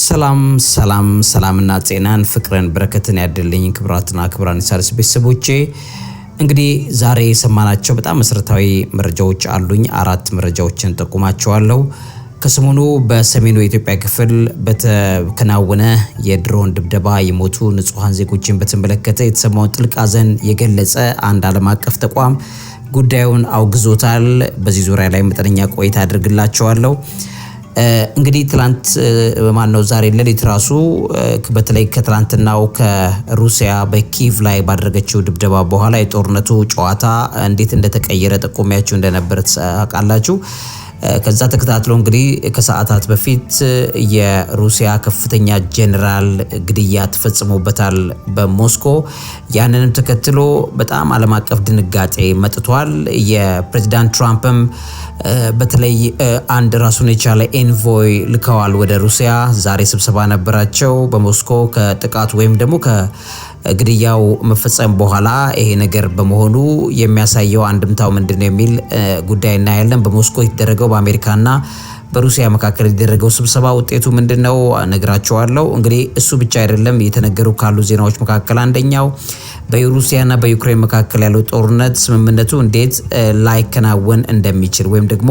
ሰላም ሰላም ሰላምና ጤናን ፍቅርን በረከትን ያደልኝ ክብራትና ክብራን ሣድስ ቤተሰቦቼ እንግዲህ ዛሬ የሰማናቸው በጣም መሰረታዊ መረጃዎች አሉኝ። አራት መረጃዎችን ጠቁማቸዋለሁ። ከሰሞኑ በሰሜኑ የኢትዮጵያ ክፍል በተከናወነ የድሮን ድብደባ የሞቱ ንጹሐን ዜጎችን በተመለከተ የተሰማውን ጥልቅ ሐዘን የገለጸ አንድ ዓለም አቀፍ ተቋም ጉዳዩን አውግዞታል። በዚህ ዙሪያ ላይ መጠነኛ ቆይታ አድርግላቸዋለሁ። እንግዲህ ትላንት ማን ነው ዛሬ ሌሊት ራሱ በተለይ ከትላንትናው ከሩሲያ በኪቭ ላይ ባደረገችው ድብደባ በኋላ የጦርነቱ ጨዋታ እንዴት እንደተቀየረ ጠቆሚያችሁ እንደነበረ ታውቃላችሁ። ከዛ ተከታትሎ እንግዲህ ከሰዓታት በፊት የሩሲያ ከፍተኛ ጄኔራል ግድያ ተፈጽሞበታል በሞስኮ። ያንንም ተከትሎ በጣም ዓለም አቀፍ ድንጋጤ መጥቷል። የፕሬዚዳንት ትራምፕም በተለይ አንድ ራሱን የቻለ ኤንቮይ ልከዋል ወደ ሩሲያ። ዛሬ ስብሰባ ነበራቸው በሞስኮ ከጥቃቱ ወይም ደግሞ ግድያው መፈጸም በኋላ ይሄ ነገር በመሆኑ የሚያሳየው አንድምታው ምንድን ነው የሚል ጉዳይ እናያለን። በሞስኮ የተደረገው በአሜሪካና በሩሲያ መካከል የተደረገው ስብሰባ ውጤቱ ምንድን ነው ነግራቸዋለሁ። እንግዲህ እሱ ብቻ አይደለም እየተነገሩ ካሉ ዜናዎች መካከል አንደኛው በሩሲያና በዩክሬን መካከል ያለው ጦርነት ስምምነቱ እንዴት ላይከናወን እንደሚችል ወይም ደግሞ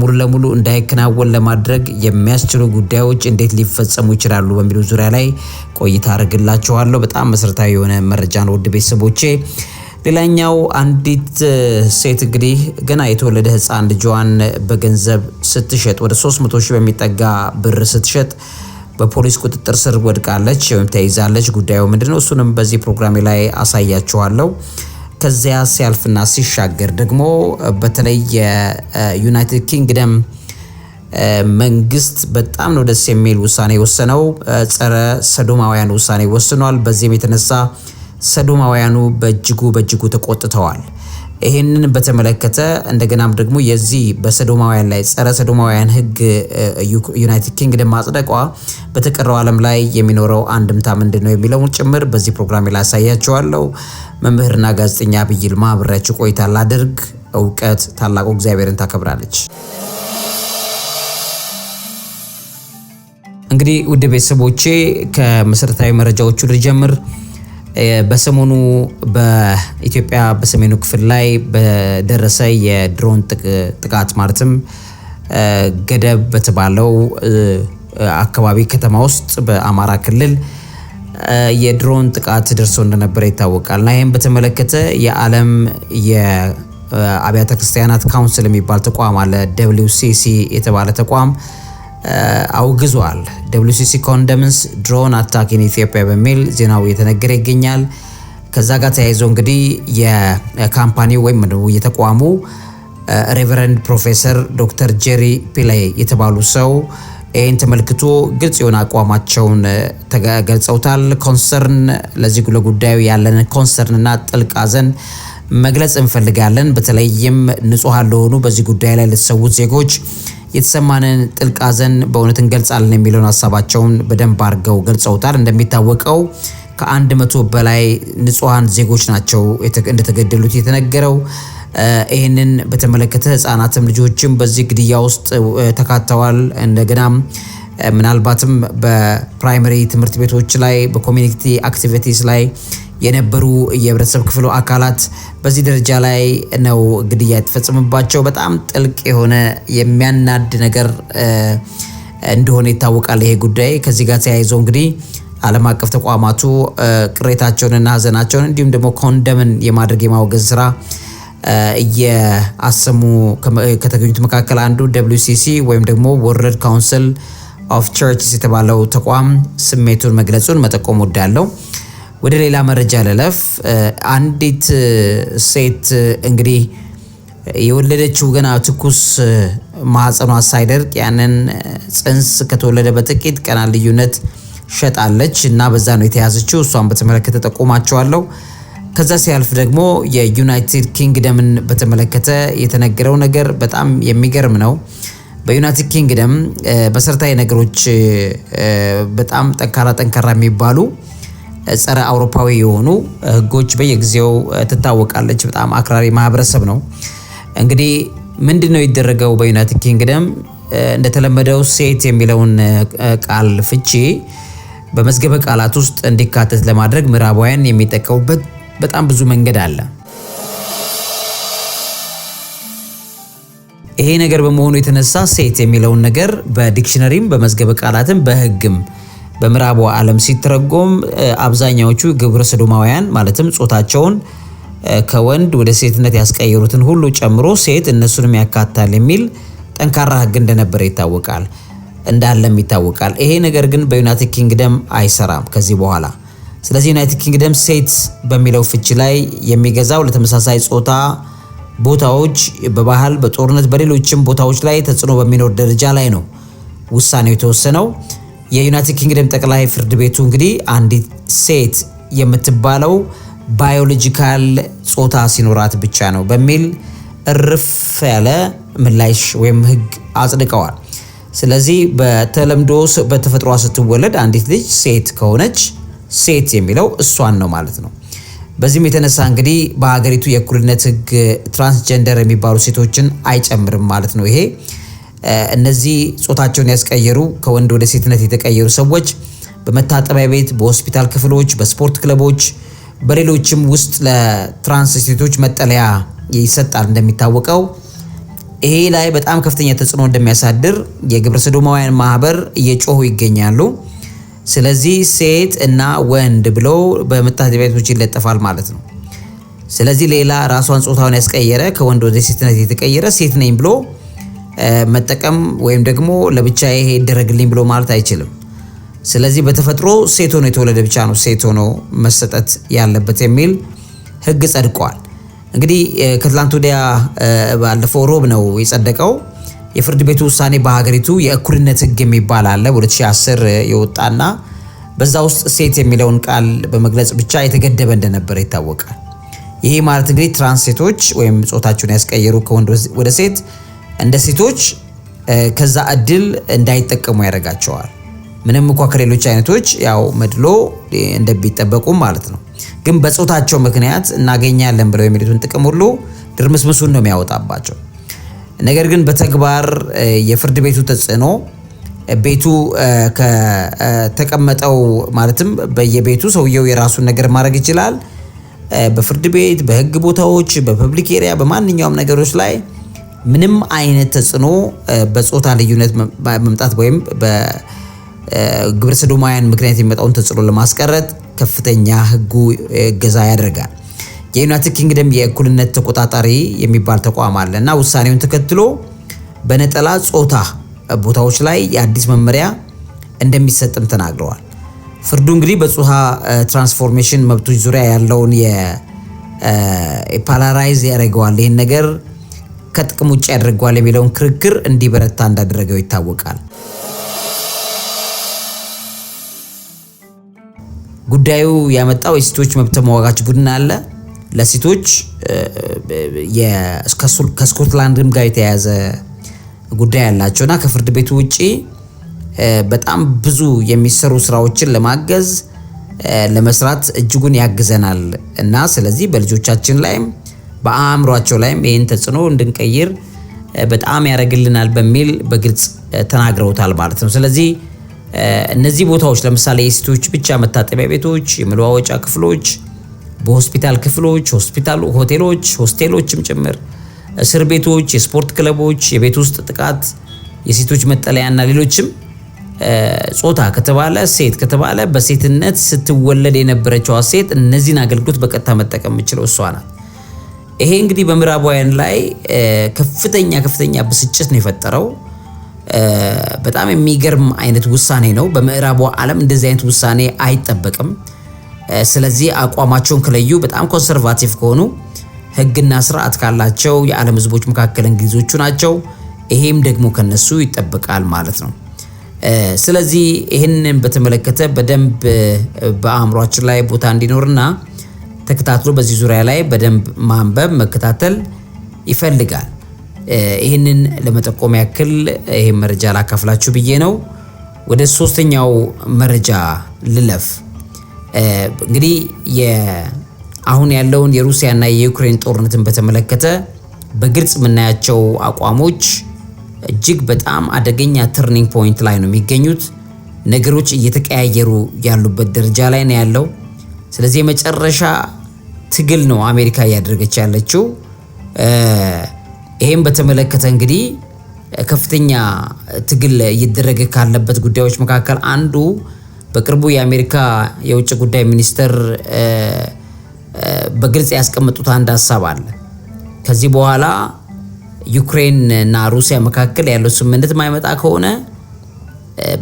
ሙሉ ለሙሉ እንዳይከናወን ለማድረግ የሚያስችሉ ጉዳዮች እንዴት ሊፈጸሙ ይችላሉ በሚሉ ዙሪያ ላይ ቆይታ አድርግላችኋለሁ። በጣም መሰረታዊ የሆነ መረጃ ነው ውድ ቤተሰቦቼ። ሌላኛው አንዲት ሴት እንግዲህ ገና የተወለደ ህፃን ልጇን በገንዘብ ስትሸጥ ወደ 300 ሺህ በሚጠጋ ብር ስትሸጥ በፖሊስ ቁጥጥር ስር ወድቃለች ወይም ተይዛለች። ጉዳዩ ምንድን ነው? እሱንም በዚህ ፕሮግራሜ ላይ አሳያችኋለሁ። ከዚያ ሲያልፍና ሲሻገር ደግሞ በተለይ የዩናይትድ ኪንግደም መንግስት በጣም ነው ደስ የሚል ውሳኔ ወሰነው። ጸረ ሰዶማውያን ውሳኔ ወስኗል። በዚህም የተነሳ ሰዶማውያኑ በእጅጉ በእጅጉ ተቆጥተዋል። ይህንን በተመለከተ እንደገናም ደግሞ የዚህ በሰዶማውያን ላይ ጸረ ሰዶማውያን ህግ ዩናይትድ ኪንግደም ማጽደቋ በተቀረው ዓለም ላይ የሚኖረው አንድምታ ምንድን ነው የሚለውን ጭምር በዚህ ፕሮግራም ላይ መምህርና ጋዜጠኛ ዐቢይ ይልማ አብሬያችሁ ቆይታ ላድርግ። እውቀት ታላቁ እግዚአብሔርን ታከብራለች። እንግዲህ ውድ ቤተሰቦቼ ከመሰረታዊ መረጃዎቹ ልጀምር። በሰሞኑ በኢትዮጵያ በሰሜኑ ክፍል ላይ በደረሰ የድሮን ጥቃት ማለትም ገደብ በተባለው አካባቢ ከተማ ውስጥ በአማራ ክልል የድሮን ጥቃት ደርሶ እንደነበረ ይታወቃል እና ይህም በተመለከተ የዓለም የአብያተ ክርስቲያናት ካውንስል የሚባል ተቋም አለ። ደብሊው ሲሲ የተባለ ተቋም አውግዟል። ደብሊሲሲ ኮንደምስ ድሮን አታክ ኢን ኢትዮጵያ በሚል ዜናው እየተነገረ ይገኛል። ከዛ ጋር ተያይዞ እንግዲህ የካምፓኒው ወይም የተቋሙ ሬቨረንድ ፕሮፌሰር ዶክተር ጄሪ ፒላይ የተባሉ ሰው ይህን ተመልክቶ ግልጽ የሆነ አቋማቸውን ገልጸውታል። ኮንሰርን ለዚህ ለጉዳዩ ያለን ኮንሰርንና ጥልቅ ሐዘን መግለጽ እንፈልጋለን። በተለይም ንጹሐን ለሆኑ በዚህ ጉዳይ ላይ ለተሰዉት ዜጎች የተሰማንን ጥልቅ ሐዘን በእውነት እንገልጻለን የሚለውን ሀሳባቸውን በደንብ አድርገው ገልጸውታል። እንደሚታወቀው ከአንድ መቶ በላይ ንጹሐን ዜጎች ናቸው እንደተገደሉት የተነገረው። ይህንን በተመለከተ ህጻናትም ልጆችም በዚህ ግድያ ውስጥ ተካተዋል። እንደገና ምናልባትም በፕራይመሪ ትምህርት ቤቶች ላይ በኮሚኒቲ አክቲቪቲስ ላይ የነበሩ የህብረተሰብ ክፍሉ አካላት በዚህ ደረጃ ላይ ነው ግድያ የተፈጸመባቸው። በጣም ጥልቅ የሆነ የሚያናድ ነገር እንደሆነ ይታወቃል። ይሄ ጉዳይ ከዚህ ጋር ተያይዞ እንግዲህ ዓለም አቀፍ ተቋማቱ ቅሬታቸውንና ሀዘናቸውን እንዲሁም ደግሞ ኮንደምን የማድረግ የማወገዝ ስራ እየአሰሙ ከተገኙት መካከል አንዱ ደብሊው ሲሲ ወይም ደግሞ ወርልድ ካውንስል ኦፍ ቸርችስ የተባለው ተቋም ስሜቱን መግለጹን መጠቆም ወዳለው ወደ ሌላ መረጃ ልለፍ። አንዲት ሴት እንግዲህ የወለደችው ገና ትኩስ ማህፀኗ ሳይደርቅ ያንን ጽንስ ከተወለደ በጥቂት ቀናት ልዩነት ሸጣለች እና በዛ ነው የተያዘችው። እሷን በተመለከተ ጠቁማቸዋለሁ። ከዛ ሲያልፍ ደግሞ የዩናይትድ ኪንግደምን በተመለከተ የተነገረው ነገር በጣም የሚገርም ነው። በዩናይትድ ኪንግደም መሰረታዊ ነገሮች በጣም ጠንካራ ጠንካራ የሚባሉ ጸረ አውሮፓዊ የሆኑ ህጎች በየጊዜው ትታወቃለች። በጣም አክራሪ ማህበረሰብ ነው። እንግዲህ ምንድን ነው ይደረገው? በዩናይትድ ኪንግደም እንደተለመደው ሴት የሚለውን ቃል ፍቺ በመዝገበ ቃላት ውስጥ እንዲካተት ለማድረግ ምዕራባውያን የሚጠቀሙበት በጣም ብዙ መንገድ አለ። ይሄ ነገር በመሆኑ የተነሳ ሴት የሚለውን ነገር በዲክሽነሪም በመዝገበ ቃላትም በህግም በምዕራቡ ዓለም ሲተረጎም አብዛኛዎቹ ግብረ ሰዶማውያን ማለትም ጾታቸውን ከወንድ ወደ ሴትነት ያስቀየሩትን ሁሉ ጨምሮ ሴት እነሱንም ያካታል የሚል ጠንካራ ሕግ እንደነበረ ይታወቃል እንዳለም ይታወቃል። ይሄ ነገር ግን በዩናይትድ ኪንግደም አይሰራም ከዚህ በኋላ። ስለዚህ ዩናይትድ ኪንግደም ሴት በሚለው ፍቺ ላይ የሚገዛው ለተመሳሳይ ጾታ ቦታዎች በባህል በጦርነት በሌሎችም ቦታዎች ላይ ተጽዕኖ በሚኖር ደረጃ ላይ ነው ውሳኔው የተወሰነው። የዩናይትድ ኪንግደም ጠቅላይ ፍርድ ቤቱ እንግዲህ አንዲት ሴት የምትባለው ባዮሎጂካል ጾታ ሲኖራት ብቻ ነው በሚል እርፍ ያለ ምላሽ ወይም ህግ አጽድቀዋል። ስለዚህ በተለምዶ በተፈጥሯ ስትወለድ አንዲት ልጅ ሴት ከሆነች ሴት የሚለው እሷን ነው ማለት ነው። በዚህም የተነሳ እንግዲህ በሀገሪቱ የእኩልነት ህግ ትራንስጀንደር የሚባሉ ሴቶችን አይጨምርም ማለት ነው ይሄ እነዚህ ጾታቸውን ያስቀየሩ ከወንድ ወደ ሴትነት የተቀየሩ ሰዎች በመታጠቢያ ቤት፣ በሆስፒታል ክፍሎች፣ በስፖርት ክለቦች፣ በሌሎችም ውስጥ ለትራንስ ሴቶች መጠለያ ይሰጣል። እንደሚታወቀው ይሄ ላይ በጣም ከፍተኛ ተጽዕኖ እንደሚያሳድር የግብረ ሰዶማውያን ማህበር እየጮሁ ይገኛሉ። ስለዚህ ሴት እና ወንድ ብሎ በመታጠቢያ ቤቶች ይለጠፋል ማለት ነው። ስለዚህ ሌላ ራሷን ጾታውን ያስቀየረ ከወንድ ወደ ሴትነት የተቀየረ ሴት ነኝ ብሎ መጠቀም ወይም ደግሞ ለብቻ ይሄ ይደረግልኝ ብሎ ማለት አይችልም። ስለዚህ በተፈጥሮ ሴት ሆኖ የተወለደ ብቻ ነው ሴት ሆኖ መሰጠት ያለበት የሚል ህግ ጸድቋል። እንግዲህ ከትላንት ወዲያ ባለፈው ሮብ ነው የጸደቀው የፍርድ ቤቱ ውሳኔ። በሀገሪቱ የእኩልነት ህግ የሚባል አለ በ2010 የወጣና በዛ ውስጥ ሴት የሚለውን ቃል በመግለጽ ብቻ የተገደበ እንደነበረ ይታወቃል። ይሄ ማለት እንግዲህ ትራንስ ሴቶች ወይም ጾታቸውን ያስቀየሩ ከወንድ ወደ ሴት እንደ ሴቶች ከዛ እድል እንዳይጠቀሙ ያደርጋቸዋል። ምንም እንኳ ከሌሎች አይነቶች ያው መድሎ እንደሚጠበቁ ማለት ነው። ግን በጾታቸው ምክንያት እናገኛለን ብለው የሚሉትን ጥቅም ሁሉ ድርምስምሱን ነው የሚያወጣባቸው። ነገር ግን በተግባር የፍርድ ቤቱ ተጽዕኖ ቤቱ ከተቀመጠው ማለትም በየቤቱ ሰውየው የራሱን ነገር ማድረግ ይችላል። በፍርድ ቤት፣ በህግ ቦታዎች፣ በፐብሊክ ኤሪያ፣ በማንኛውም ነገሮች ላይ ምንም አይነት ተጽዕኖ በጾታ ልዩነት መምጣት ወይም በግብረ ሰዶማውያን ምክንያት የሚመጣውን ተጽዕኖ ለማስቀረት ከፍተኛ ህጉ እገዛ ያደርጋል። የዩናይትድ ኪንግደም የእኩልነት ተቆጣጣሪ የሚባል ተቋም አለ እና ውሳኔውን ተከትሎ በነጠላ ጾታ ቦታዎች ላይ የአዲስ መመሪያ እንደሚሰጥም ተናግረዋል። ፍርዱ እንግዲህ በፆታ ትራንስፎርሜሽን መብቶች ዙሪያ ያለውን የፓላራይዝ ያደርገዋል ይህን ነገር ከጥቅም ውጭ ያደርገዋል የሚለውን ክርክር እንዲበረታ እንዳደረገው ይታወቃል። ጉዳዩ ያመጣው የሴቶች መብት ተሟጋች ቡድን አለ። ለሴቶች ከስኮትላንድም ጋር የተያያዘ ጉዳይ ያላቸው እና ከፍርድ ቤቱ ውጪ በጣም ብዙ የሚሰሩ ስራዎችን ለማገዝ ለመስራት እጅጉን ያግዘናል እና ስለዚህ በልጆቻችን ላይም በአእምሯቸው ላይም ይህን ተጽዕኖ እንድንቀይር በጣም ያደርግልናል በሚል በግልጽ ተናግረውታል ማለት ነው። ስለዚህ እነዚህ ቦታዎች ለምሳሌ የሴቶች ብቻ መታጠቢያ ቤቶች፣ የመለዋወጫ ክፍሎች፣ በሆስፒታል ክፍሎች፣ ሆስፒታል፣ ሆቴሎች፣ ሆስቴሎችም ጭምር፣ እስር ቤቶች፣ የስፖርት ክለቦች፣ የቤት ውስጥ ጥቃት፣ የሴቶች መጠለያና ሌሎችም ጾታ ከተባለ ሴት ከተባለ በሴትነት ስትወለድ የነበረችዋ ሴት እነዚህን አገልግሎት በቀጥታ መጠቀም የምችለው እሷ ናት። ይሄ እንግዲህ በምዕራባውያን ላይ ከፍተኛ ከፍተኛ ብስጭት ነው የፈጠረው። በጣም የሚገርም አይነት ውሳኔ ነው። በምዕራቡ ዓለም እንደዚህ አይነት ውሳኔ አይጠበቅም። ስለዚህ አቋማቸውን ከለዩ፣ በጣም ኮንሰርቫቲቭ ከሆኑ ሕግና ስርዓት ካላቸው የዓለም ህዝቦች መካከል እንግሊዞቹ ናቸው። ይሄም ደግሞ ከነሱ ይጠበቃል ማለት ነው። ስለዚህ ይህንን በተመለከተ በደንብ በአእምሯችን ላይ ቦታ እንዲኖርና ተከታትሎ በዚህ ዙሪያ ላይ በደንብ ማንበብ መከታተል ይፈልጋል። ይህንን ለመጠቆም ያክል ይህ መረጃ ላካፍላችሁ ብዬ ነው። ወደ ሶስተኛው መረጃ ልለፍ። እንግዲህ አሁን ያለውን የሩሲያና የዩክሬን ጦርነትን በተመለከተ በግልጽ የምናያቸው አቋሞች እጅግ በጣም አደገኛ ተርኒንግ ፖይንት ላይ ነው የሚገኙት። ነገሮች እየተቀያየሩ ያሉበት ደረጃ ላይ ነው ያለው። ስለዚህ የመጨረሻ ትግል ነው አሜሪካ እያደረገች ያለችው። ይህም በተመለከተ እንግዲህ ከፍተኛ ትግል እየደረገ ካለበት ጉዳዮች መካከል አንዱ በቅርቡ የአሜሪካ የውጭ ጉዳይ ሚኒስትር በግልጽ ያስቀመጡት አንድ ሀሳብ አለ። ከዚህ በኋላ ዩክሬን እና ሩሲያ መካከል ያለው ስምምነት ማይመጣ ከሆነ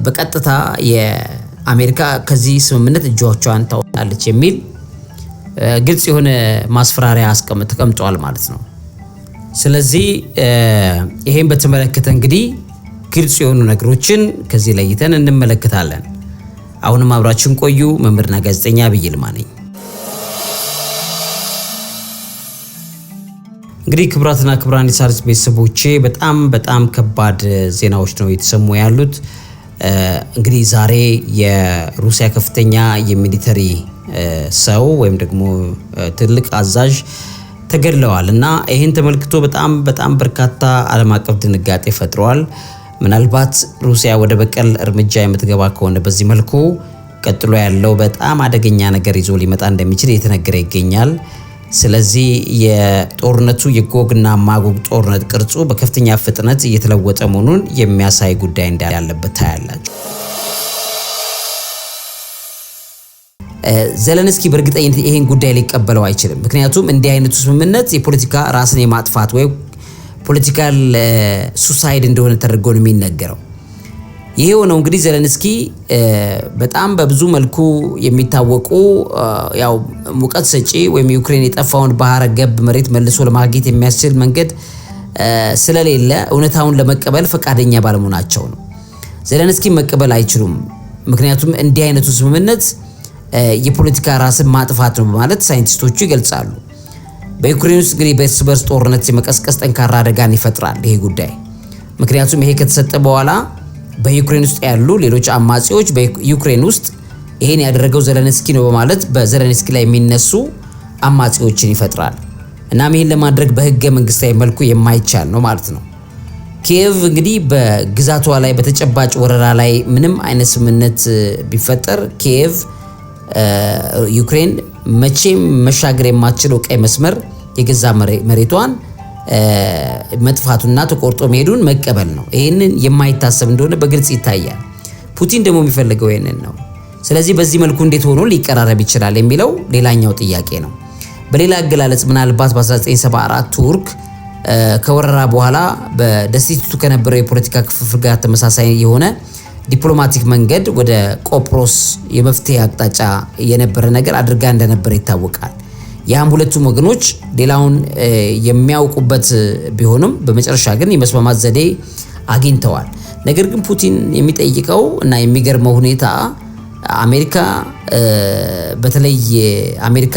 በቀጥታ የአሜሪካ ከዚህ ስምምነት እጇቿን ታወጣለች የሚል ግልጽ የሆነ ማስፈራሪያ አስቀምጥ ተቀምጧል ማለት ነው። ስለዚህ ይሄን በተመለከተ እንግዲህ ግልጽ የሆኑ ነገሮችን ከዚህ ለይተን እንመለከታለን። አሁንም አብራችን ቆዩ። መምህርና ጋዜጠኛ ዐቢይ ይልማ ነኝ። እንግዲህ ክቡራትና ክቡራን የሣድስ ቤተሰቦቼ በጣም በጣም ከባድ ዜናዎች ነው የተሰሙ ያሉት። እንግዲህ ዛሬ የሩሲያ ከፍተኛ የሚሊተሪ ሰው ወይም ደግሞ ትልቅ አዛዥ ተገድለዋል እና ይህን ተመልክቶ በጣም በጣም በርካታ ዓለም አቀፍ ድንጋጤ ፈጥረዋል። ምናልባት ሩሲያ ወደ በቀል እርምጃ የምትገባ ከሆነ በዚህ መልኩ ቀጥሎ ያለው በጣም አደገኛ ነገር ይዞ ሊመጣ እንደሚችል እየተነገረ ይገኛል። ስለዚህ የጦርነቱ የጎግና ማጎግ ጦርነት ቅርጹ በከፍተኛ ፍጥነት እየተለወጠ መሆኑን የሚያሳይ ጉዳይ እንዳለበት ታያላችሁ። ዘለንስኪ በእርግጠኝነት ይሄን ጉዳይ ሊቀበለው አይችልም። ምክንያቱም እንዲህ አይነቱ ስምምነት የፖለቲካ ራስን የማጥፋት ወይም ፖለቲካል ሱሳይድ እንደሆነ ተደርጎ ነው የሚነገረው። ይሄ ሆነው እንግዲህ ዘለንስኪ በጣም በብዙ መልኩ የሚታወቁ ያው ሙቀት ሰጪ ወይም ዩክሬን የጠፋውን ባህረ ገብ መሬት መልሶ ለማግኘት የሚያስችል መንገድ ስለሌለ እውነታውን ለመቀበል ፈቃደኛ ባለመሆናቸው ነው። ዘለንስኪ መቀበል አይችሉም። ምክንያቱም እንዲህ አይነቱ ስምምነት የፖለቲካ ራስን ማጥፋት ነው በማለት ሳይንቲስቶቹ ይገልጻሉ። በዩክሬን ውስጥ እንግዲህ በእርስ በርስ ጦርነት የመቀስቀስ ጠንካራ አደጋን ይፈጥራል ይሄ ጉዳይ። ምክንያቱም ይሄ ከተሰጠ በኋላ በዩክሬን ውስጥ ያሉ ሌሎች አማጺዎች በዩክሬን ውስጥ ይሄን ያደረገው ዘለንስኪ ነው በማለት በዘለንስኪ ላይ የሚነሱ አማጺዎችን ይፈጥራል። እናም ይህን ለማድረግ በህገ መንግስታዊ መልኩ የማይቻል ነው ማለት ነው። ኪየቭ እንግዲህ በግዛቷ ላይ በተጨባጭ ወረራ ላይ ምንም አይነት ስምምነት ቢፈጠር ኪየቭ ዩክሬን መቼም መሻገር የማትችለው ቀይ መስመር የገዛ መሬቷን መጥፋቱና ተቆርጦ መሄዱን መቀበል ነው። ይህንን የማይታሰብ እንደሆነ በግልጽ ይታያል። ፑቲን ደግሞ የሚፈልገው ይህንን ነው። ስለዚህ በዚህ መልኩ እንዴት ሆኖ ሊቀራረብ ይችላል የሚለው ሌላኛው ጥያቄ ነው። በሌላ አገላለጽ ምናልባት በ1974 ቱርክ ከወረራ በኋላ በደሴቲቱ ከነበረው የፖለቲካ ክፍፍል ጋር ተመሳሳይ የሆነ ዲፕሎማቲክ መንገድ ወደ ቆጵሮስ የመፍትሄ አቅጣጫ የነበረ ነገር አድርጋ እንደነበረ ይታወቃል። ያም ሁለቱም ወገኖች ሌላውን የሚያውቁበት ቢሆንም በመጨረሻ ግን የመስማማት ዘዴ አግኝተዋል። ነገር ግን ፑቲን የሚጠይቀው እና የሚገርመው ሁኔታ አሜሪካ በተለይ አሜሪካ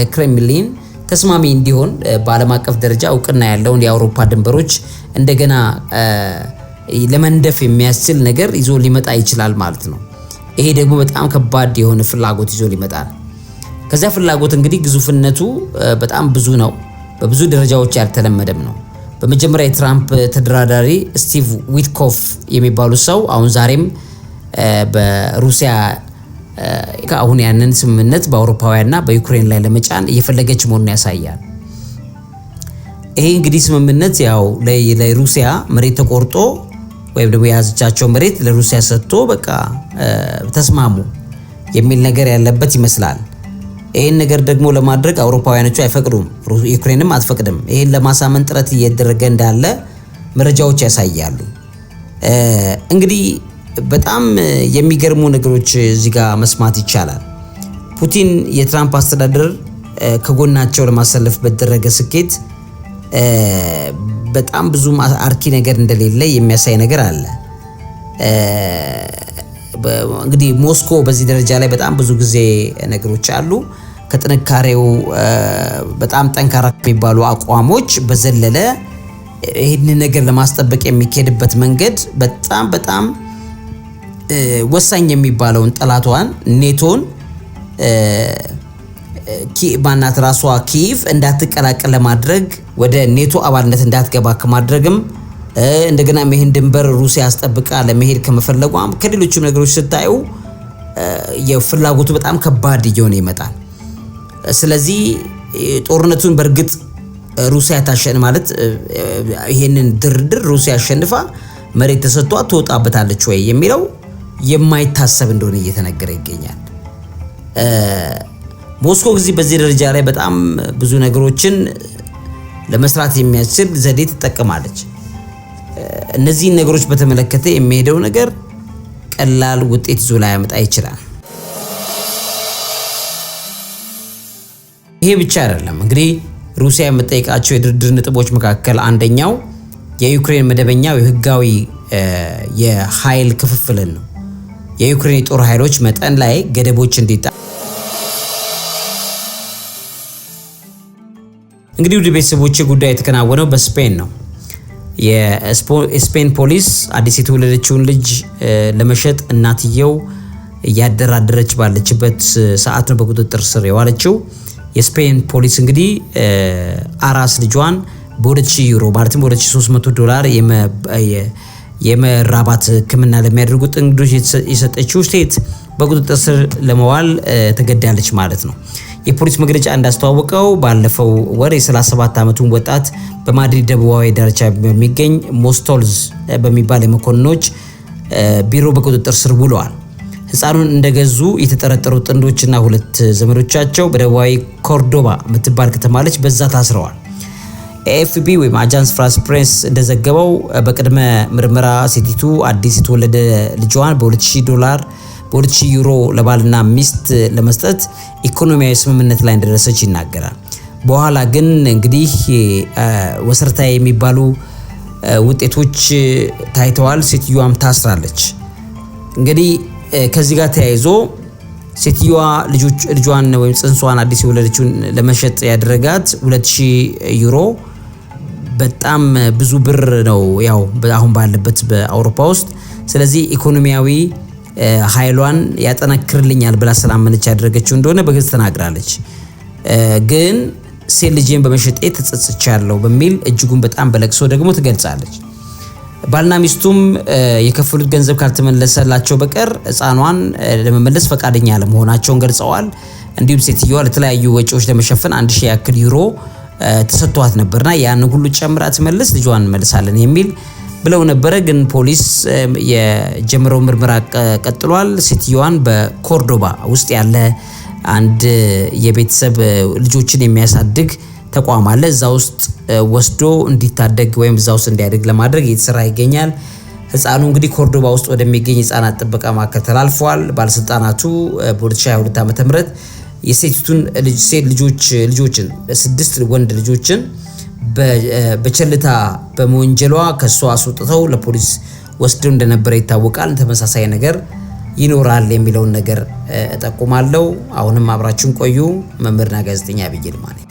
ለክሬምሊን ተስማሚ እንዲሆን በዓለም አቀፍ ደረጃ እውቅና ያለውን የአውሮፓ ድንበሮች እንደገና ለመንደፍ የሚያስችል ነገር ይዞ ሊመጣ ይችላል ማለት ነው። ይሄ ደግሞ በጣም ከባድ የሆነ ፍላጎት ይዞ ነው። ከዚያ ፍላጎት እንግዲህ ግዙፍነቱ በጣም ብዙ ነው። በብዙ ደረጃዎች ያልተለመደም ነው። በመጀመሪያ የትራምፕ ተደራዳሪ ስቲቭ ዊትኮፍ የሚባሉ ሰው አሁን ዛሬም በሩሲያ አሁን ያንን ስምምነት በአውሮፓውያንና በዩክሬን ላይ ለመጫን እየፈለገች መሆኑን ያሳያል። ይሄ እንግዲህ ስምምነት ያው ለሩሲያ መሬት ተቆርጦ ወይም ደግሞ የያዘቻቸው መሬት ለሩሲያ ሰጥቶ በቃ ተስማሙ የሚል ነገር ያለበት ይመስላል። ይህን ነገር ደግሞ ለማድረግ አውሮፓውያኖቹ አይፈቅዱም፣ ዩክሬንም አትፈቅድም። ይህን ለማሳመን ጥረት እየደረገ እንዳለ መረጃዎች ያሳያሉ። እንግዲህ በጣም የሚገርሙ ነገሮች እዚህ ጋ መስማት ይቻላል። ፑቲን የትራምፕ አስተዳደር ከጎናቸው ለማሰለፍ በተደረገ ስኬት በጣም ብዙ አርኪ ነገር እንደሌለ የሚያሳይ ነገር አለ። እንግዲህ ሞስኮ በዚህ ደረጃ ላይ በጣም ብዙ ጊዜ ነገሮች አሉ። ከጥንካሬው በጣም ጠንካራ ከሚባሉ አቋሞች በዘለለ ይህንን ነገር ለማስጠበቅ የሚካሄድበት መንገድ በጣም በጣም ወሳኝ የሚባለውን ጠላቷን ኔቶን ማናት ራሷ ኪቭ እንዳትቀላቀል ለማድረግ ወደ ኔቶ አባልነት እንዳትገባ ከማድረግም እንደገና ይህን ድንበር ሩሲያ አስጠብቃ ለመሄድ ከመፈለጓም ከሌሎችም ነገሮች ስታዩ የፍላጎቱ በጣም ከባድ እየሆነ ይመጣል። ስለዚህ ጦርነቱን በእርግጥ ሩሲያ ታሸን ማለት ይሄንን ድርድር ሩሲያ አሸንፋ መሬት ተሰጥቷ ትወጣበታለች ወይ የሚለው የማይታሰብ እንደሆነ እየተነገረ ይገኛል። ሞስኮ ጊዜ በዚህ ደረጃ ላይ በጣም ብዙ ነገሮችን ለመስራት የሚያስችል ዘዴ ትጠቀማለች። እነዚህን ነገሮች በተመለከተ የሚሄደው ነገር ቀላል ውጤት ይዞ ላያመጣ ይችላል። ይሄ ብቻ አይደለም። እንግዲህ ሩሲያ የምጠይቃቸው የድርድር ነጥቦች መካከል አንደኛው የዩክሬን መደበኛው የህጋዊ የኃይል ክፍፍልን ነው። የዩክሬን የጦር ኃይሎች መጠን ላይ ገደቦች እንዲጣ እንግዲህ ውድ ቤተሰቦች ጉዳይ የተከናወነው በስፔን ነው። የስፔን ፖሊስ አዲስ የተወለደችውን ልጅ ለመሸጥ እናትየው እያደራደረች ባለችበት ሰዓት ነው በቁጥጥር ስር የዋለችው። የስፔን ፖሊስ እንግዲህ አራስ ልጇን በ2000 ዩሮ ማለትም በ2300 ዶላር የመራባት ሕክምና ለሚያደርጉት እንግዶች የሰጠችው ሴት በቁጥጥር ስር ለመዋል ተገዳለች ማለት ነው። የፖሊስ መግለጫ እንዳስተዋወቀው ባለፈው ወር የ37 ዓመቱን ወጣት በማድሪድ ደቡባዊ ዳርቻ በሚገኝ ሞስቶልዝ በሚባል የመኮንኖች ቢሮ በቁጥጥር ስር ውለዋል። ህፃኑን እንደገዙ የተጠረጠሩ ጥንዶችና ሁለት ዘመዶቻቸው በደቡባዊ ኮርዶባ የምትባል ከተማለች በዛ ታስረዋል። ኤኤፍቢ ወይም አጃንስ ፍራንስ ፕሬስ እንደዘገበው በቅድመ ምርመራ ሴቲቱ አዲስ የተወለደ ልጇን በ2000 ዶላር ወደ ዩሮ ለባልና ሚስት ለመስጠት ኢኮኖሚያዊ ስምምነት ላይ እንደደረሰች ይናገራል። በኋላ ግን እንግዲህ መሰረታዊ የሚባሉ ውጤቶች ታይተዋል። ሴትዮዋም ታስራለች። እንግዲህ ከዚህ ጋር ተያይዞ ሴትዮዋ ልጇን ወይም ጽንሷን አዲስ የወለደችውን ለመሸጥ ያደረጋት 2000 ዩሮ በጣም ብዙ ብር ነው፣ ያው አሁን ባለበት በአውሮፓ ውስጥ። ስለዚህ ኢኮኖሚያዊ ኃይሏን ያጠነክርልኛል ብላ ስላመነች ያደረገችው እንደሆነ በግልጽ ተናግራለች። ግን ሴት ልጄን በመሸጤ ተጸጽቻለሁ በሚል እጅጉን በጣም በለቅሶ ደግሞ ትገልጻለች። ባልና ሚስቱም የከፈሉት ገንዘብ ካልተመለሰላቸው በቀር ህፃኗን ለመመለስ ፈቃደኛ ለመሆናቸውን ገልጸዋል። እንዲሁም ሴትዮዋ ለተለያዩ ወጪዎች ለመሸፈን አንድ ሺ ያክል ዩሮ ተሰጥቷት ነበርና ያንን ሁሉ ጨምራ ትመልስ ልጇን እንመልሳለን የሚል ብለው ነበረ። ግን ፖሊስ የጀምሮ ምርመራ ቀጥሏል። ሴትዮዋን በኮርዶባ ውስጥ ያለ አንድ የቤተሰብ ልጆችን የሚያሳድግ ተቋም አለ። እዛ ውስጥ ወስዶ እንዲታደግ ወይም እዛ ውስጥ እንዲያደግ ለማድረግ እየተሰራ ይገኛል። ህፃኑ እንግዲህ ኮርዶባ ውስጥ ወደሚገኝ ህፃናት ጥበቃ ማዕከል ተላልፏል። ባለስልጣናቱ በ2022 ዓ ም የሴቲቱን ሴት ልጆች ልጆችን ስድስት ወንድ ልጆችን በቸልታ በመወንጀሏ ከሷ አስወጥተው ለፖሊስ ወስደው እንደነበረ ይታወቃል። ተመሳሳይ ነገር ይኖራል የሚለውን ነገር እጠቁማለሁ። አሁንም አብራችን ቆዩ። መምህርና ጋዜጠኛ ዐቢይ ይልማ ነኝ።